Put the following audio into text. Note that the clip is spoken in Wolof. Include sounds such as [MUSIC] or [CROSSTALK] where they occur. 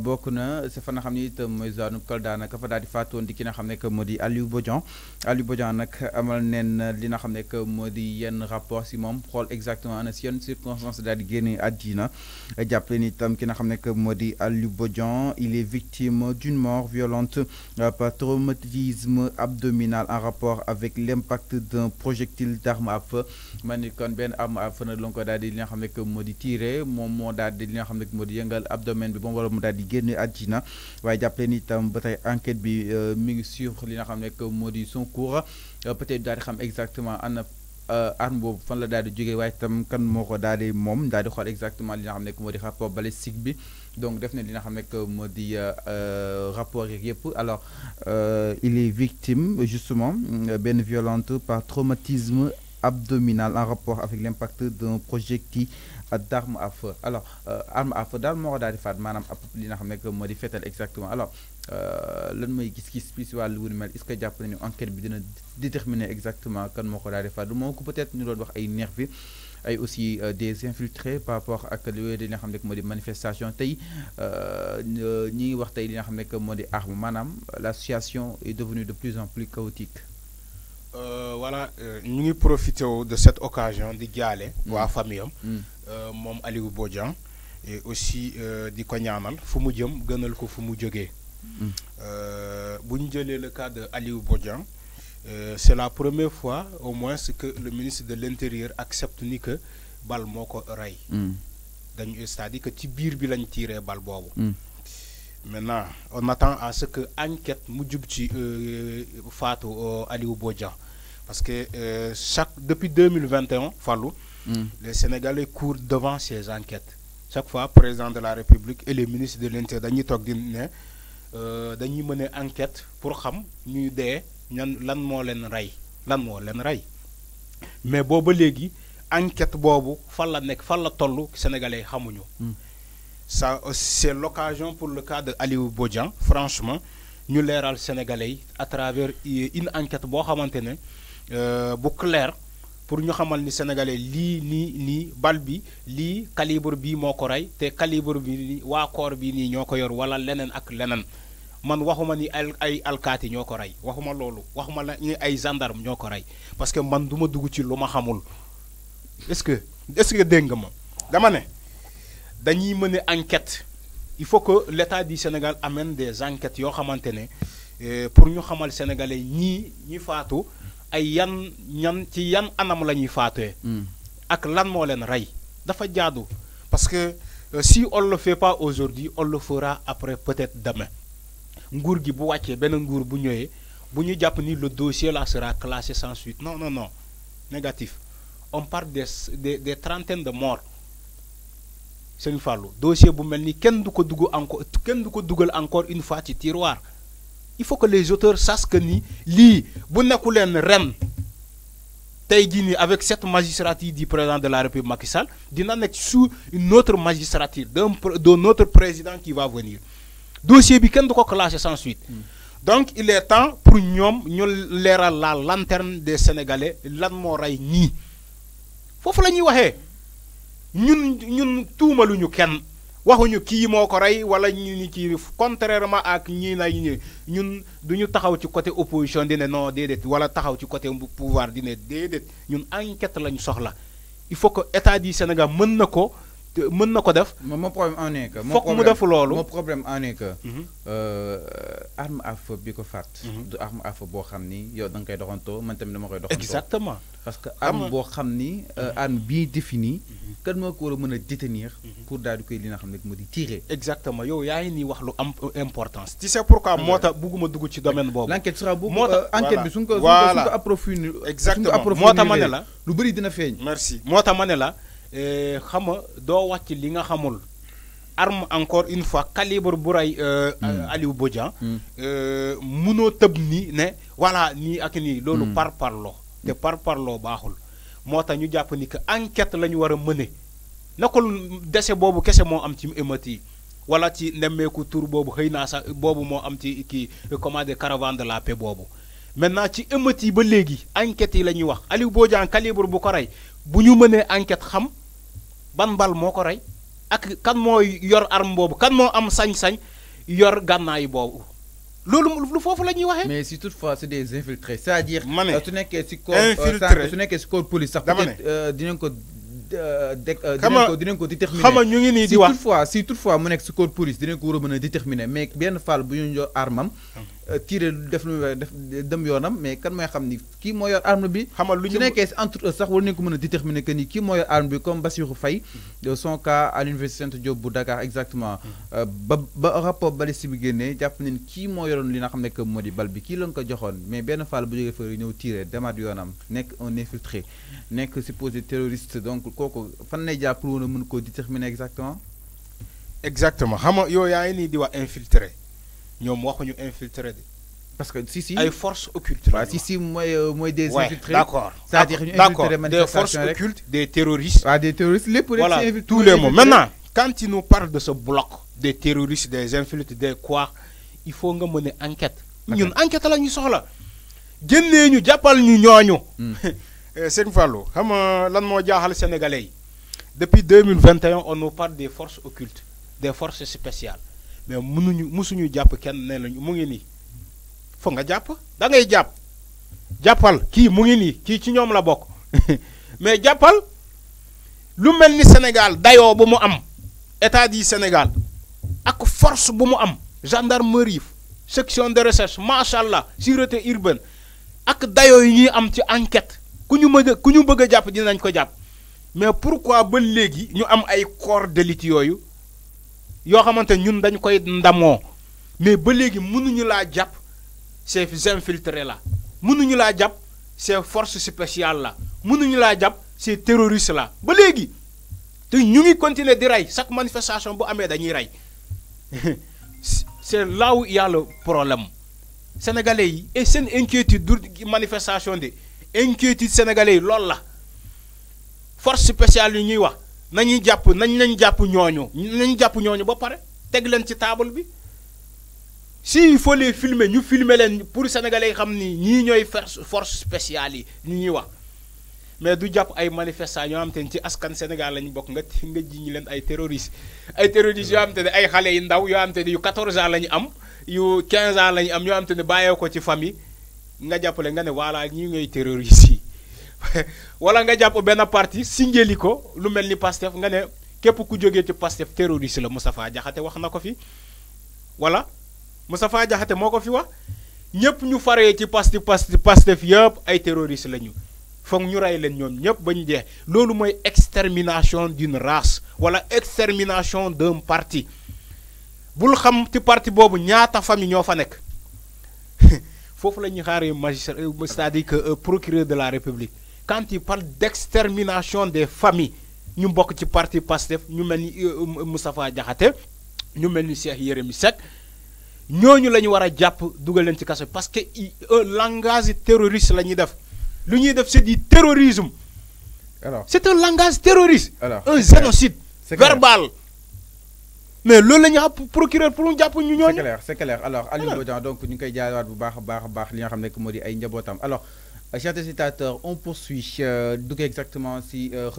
bokk na sa fa nga xam ne it mooy zaanu Kolda nag fa daal di di ki nga xam ne que moo di Aliou Bodian Aliou Bodian nag amal neen li nga xam ne que moo di yenn rapport si moom xool exactement na si yenn circonstance daal di génne àddina jàppale ni itam ki nga xam ne que moo di Aliou Bodian il est victime d'une mort violente par traumatisme abdominal en rapport avec l'impact d'un projectile d'arme à feu ma ni kon benn arme à feu nag la ko daal di li nga xam ne que moo di tiré moom moo daal di li nga xam ne que moo di yëngal abdomen bi moom wala mu daal di génn à waaye jàppale ni tam batay enquête bi euh, mi ngi sur li nga xam que son cours euh, peut-être daal xam exactement ana euh, arme boobu fan la daal di jógee waaye kan moko daal di exactement li nga xam ne que moo rapport balistique bi donc def na li nga xam que moo rapport yeeg yep alors il est victime justement bien violente par traumatisme abdominal en rapport avec l'impact d'un projectile euh, d'arme à feu alors euh, arme à feu d'armes moo ko madame, à faat maanaam ab li exactement alors euh, le mooy qui se bi si wàllu mel est-ce que jàpp une enquête pour déterminer exactement kan moo ko daal di peut-être nous nous wax ay aussi des infiltrés par rapport à que nga xam manifestation ni wax li madame, la est devenue de plus en plus chaotique. Voilà, euh, ñu ngi profité de cette occasion di jaale. Mm. waa famiyam mm. euh, moom Aliou Bodian. et aussi euh, di ko ñaanal fu mu jëm gënal ko fu mu mm. le cas de Aliou Bodian c'est la première fois au moins que le ministre de l'intérieur accepte ni que bal moo ko rey. dañu c'est-à-dire que ci biir bi lañ tiiree bal maintenant on attend à ce que enquête mu jub ci Aliou Bodian. Parce que euh, chaque, depuis 2021, mm. les Sénégalais courent devant ces enquêtes. Chaque fois, le président de la République et les ministres de l'Intérieur, ont euh, une enquête pour savoir nous lan mais si léegi enquête une faut la nek, Sénégalais la sénégalais xamuñu. Mm. ça c'est l'occasion pour le cas d'Aliou Aliou Franchement, franchement ñu les sénégalais à travers une enquête qui xamante euh, bu clair pour ñu xamal ni sénégalais lii nii nii bal bi calibre bii moo ko rey te calibre bi waa koor bii nii ñoo yor wala leneen ak leneen man waxuma ni ay waxuma ni ay gendarme parce que man du ci xamul est-ce que est-ce que dama ne enquête il faut que l'État du Sénégal amène des enquêtes ne euh, pour ñu xamal sénégalais ñii ñi ay yan ñan ci yan anam lañuy ñuy hmm. ak lan mo leen ray dafa jaadu parce que euh, si on le fait pas aujourd'hui on le fera après peut-être demain nguur gi bu wàccee ben nguur bu bu ñu japp ni le dossier là sera classé sans suite non non non négatif on parle des des des trentaines de morts une Fallou dossier bu melni kenn du ko encore kenn du ko encore une fois ci tiroir il faut que les auteurs sachent que ni li bu nekku leen ren tey avec cette magistrature du président de la République Macky Sall dina sous une autre magistrature d'un autre président qui va venir dossier bi ken du classer sans suite hmm. donc il est temps pour nous, ñu leeral la lanterne des Sénégalais lan mo ray ni Nous lañuy waxé waxee ñun ñun tuumaluñu kenn waxuñu kii moo ko rey wala ñu ni kii contrairement ak ñii lay ñi ñun du ñu taxaw ci côté opposition di ne non déedéet wala taxaw ci côté pouvoir di ne déedéet ñun enquête lañu soxla il faut que état du Sénégal mën na ko mën na ko def. mon problème en est que. foog mu def loolu mon problème en est que. Mhm. Euh, arme à feu bi ko faat. Mhm. du arme à feu boo xam ni yow da nga koy doxantoo man tamit dama koy doxantoo. exactement parce que arme boo xam ni. Euh, mhm. arme bien définie. kan moo ko war a mën a détenir. pour daal di koy li nga xam ne moo di tirer. exactement yow yaa ngi nii wax lu am importance. tu sais pourquoi moo tax bugguma dugg ci domaine boobu. l'enquête sera beaucoup euh, enquête bi suñ ko. voilà suñ ko approfondir. exactement moo tax ma ne la lu bëri dina feeñ. merci moo tax ma ne la. Eh, xam nga doo wàcc li nga xamul arme encore une fois calibre bu rey euh, hmm. Aliou hmm. eh, ni ne voilà nii ak nii loolu hmm. par parloo te par parloo baaxul moo tax ñu que enquête nakul dese boobu kese moo am ci wala ci boobu caravane de la maintenant ci calibre enquête ban bal moo ko rey ak kan moo yor arme boobu kan moo am sañ-sañ yor gànnaay boobu loolu lu foofu la ñuy waxee. mais si toutefois c'est des infiltrés c'est-à-dire. ma su nekkee si corps euh, su nekkee si corps police sax. dama ne euh, dinañ ko euh, dé ko dinañ ko ñu ngi nii di wax si toutefois si mu nekk si corps police dinañ ko war a mën a déterminer mais benn fàll bu ñu yor armam. Ah. Euh, tirer def lu euh, def dem yonam mais kan moy xamni ki kii yor arme bi. xamal lu ñu su nekkee entre eux sax war nañu ko mën déterminer que ni ki moo yor arme bi comme Bassirou Faye. Mhm. de son cas à l'université Cheikh Anta Diop bu Dakar exactement. Mhm. Euh, ba rapport balistique bi génnee jàpp nañu kii moo yoroon li nga xamné que modi bal bi ki lañ ko joxoon mais benn faal bu jogé feur ñëw tirer demaat yonam nekk un infiltré nekk supposé terroriste donc koko fan lay jàpp pour woon ko déterminer exactement. exactement xam yo yaay ni di wa infiltré ñoom waxuñu infiltré de. parce que si si ay forces occultes. waaw si si moy euh, moy des. infiltrés d'accord c'est-à-dire ñu ah, des forces occultes des terroristes. waaw des terroristes les rek. voilà tous les mots maintenant. quand ils nous parlent de ce bloc. des terroristes des infiltrés des quoi il faut nga mener enquête. ñun enquête la ñu soxla. génnee ñu jappal ñu ñooñu. Hmm. [LAUGHS] Eh, Sëñ Fallou xam nga lan mo jaaxal sénégalais depuis 2021 on nous parle des forces occultes des forces spéciales. mais mënuñu mësuñu jàpp kenn ne lañu mu ngi nii foog nga jàpp da ngay jàpp jàppal kii mu ngi nii kii ci ñoom la bokk [LAUGHS] mais jàppal lu mel ni Sénégal dayo bu mu am état du Sénégal ak force bu mu am gendarmerie section de recherche macha allah sûreté urbaine ak dayo yi ñuy am ci enquête ku ñu mën ku ñu bëgg a jàpp dinañ ko jàpp mais pourquoi ba léegi ñu am ay corps d'élite yooyu. yoo xamante ñun dañ koy ndamoo mais ba léegi mënuñu laa jàpp ces infiltrés là mënuñu laa jàpp ces forces spéciales là mënuñu laa jàpp c'est terroristes là ba léegi te ñu ngi continuer di rey chaque manifestation bu amee dañuy rey [LAUGHS] c'est là où il y a le problème sénégalais yi et seen inquiétude dur. manifestation de inquiétude sénégalais yi loolu la force spéciale yi ñuy wax. nañuy jàpp nañ nañ jàpp ñooñu nañu jàpp ñooñu ba pare teg leen ci taabal bi si il faut les ñu filmer leen pour sénégalais xam ni ñii ñooy force spéciale yi ñu ñuy wax mais du jàpp ay manifestants yoo xam te ci askan Sénégal lañu bokk nga nga ji ñu leen ay terroristes ay terroristes yoo xam te ne ay xale yu ndaw yoo xam te yu 14 ans lañu am yu 15 ans lañu am yoo xam te ne bàyyee ko ci famille nga jàppale nga ne voilà ñii ngay terroristes yi [LAUGHS] wala nga jàpp benn parti singeli ko lu mel ni Pastef nga ne képp ku jógee ci Pastef terroriste la Moustapha Diakhaté wax na ko fi wala Moustapha Diakhaté moo ko fi wax ñëpp ñu faree ci Pastef Pastef yëpp ay terroriste la ñu foog ñu rey leen ñoom ñëpp ba ñu jeex loolu mooy extermination d'une race wala extermination d'un parti bul xam ci parti boobu ñaata famille ñoo fa nekk [LAUGHS] foofu la ñuy xaaree magistrat c'est-à-dire que euh, procureur de la république quand il parle d'extermination des familles nous sommes ci parti Pastef nous sommes... Moustapha ñu sommes euh, euh, Cheikh nous Nous parce que langage terroriste c'est du terrorisme. c'est un langage terroriste. un génocide. verbal. mais le pour nous, c'est clair c'est clair alors donc alors chers téléspectateurs on poursuit euh, donc exactement si. Euh,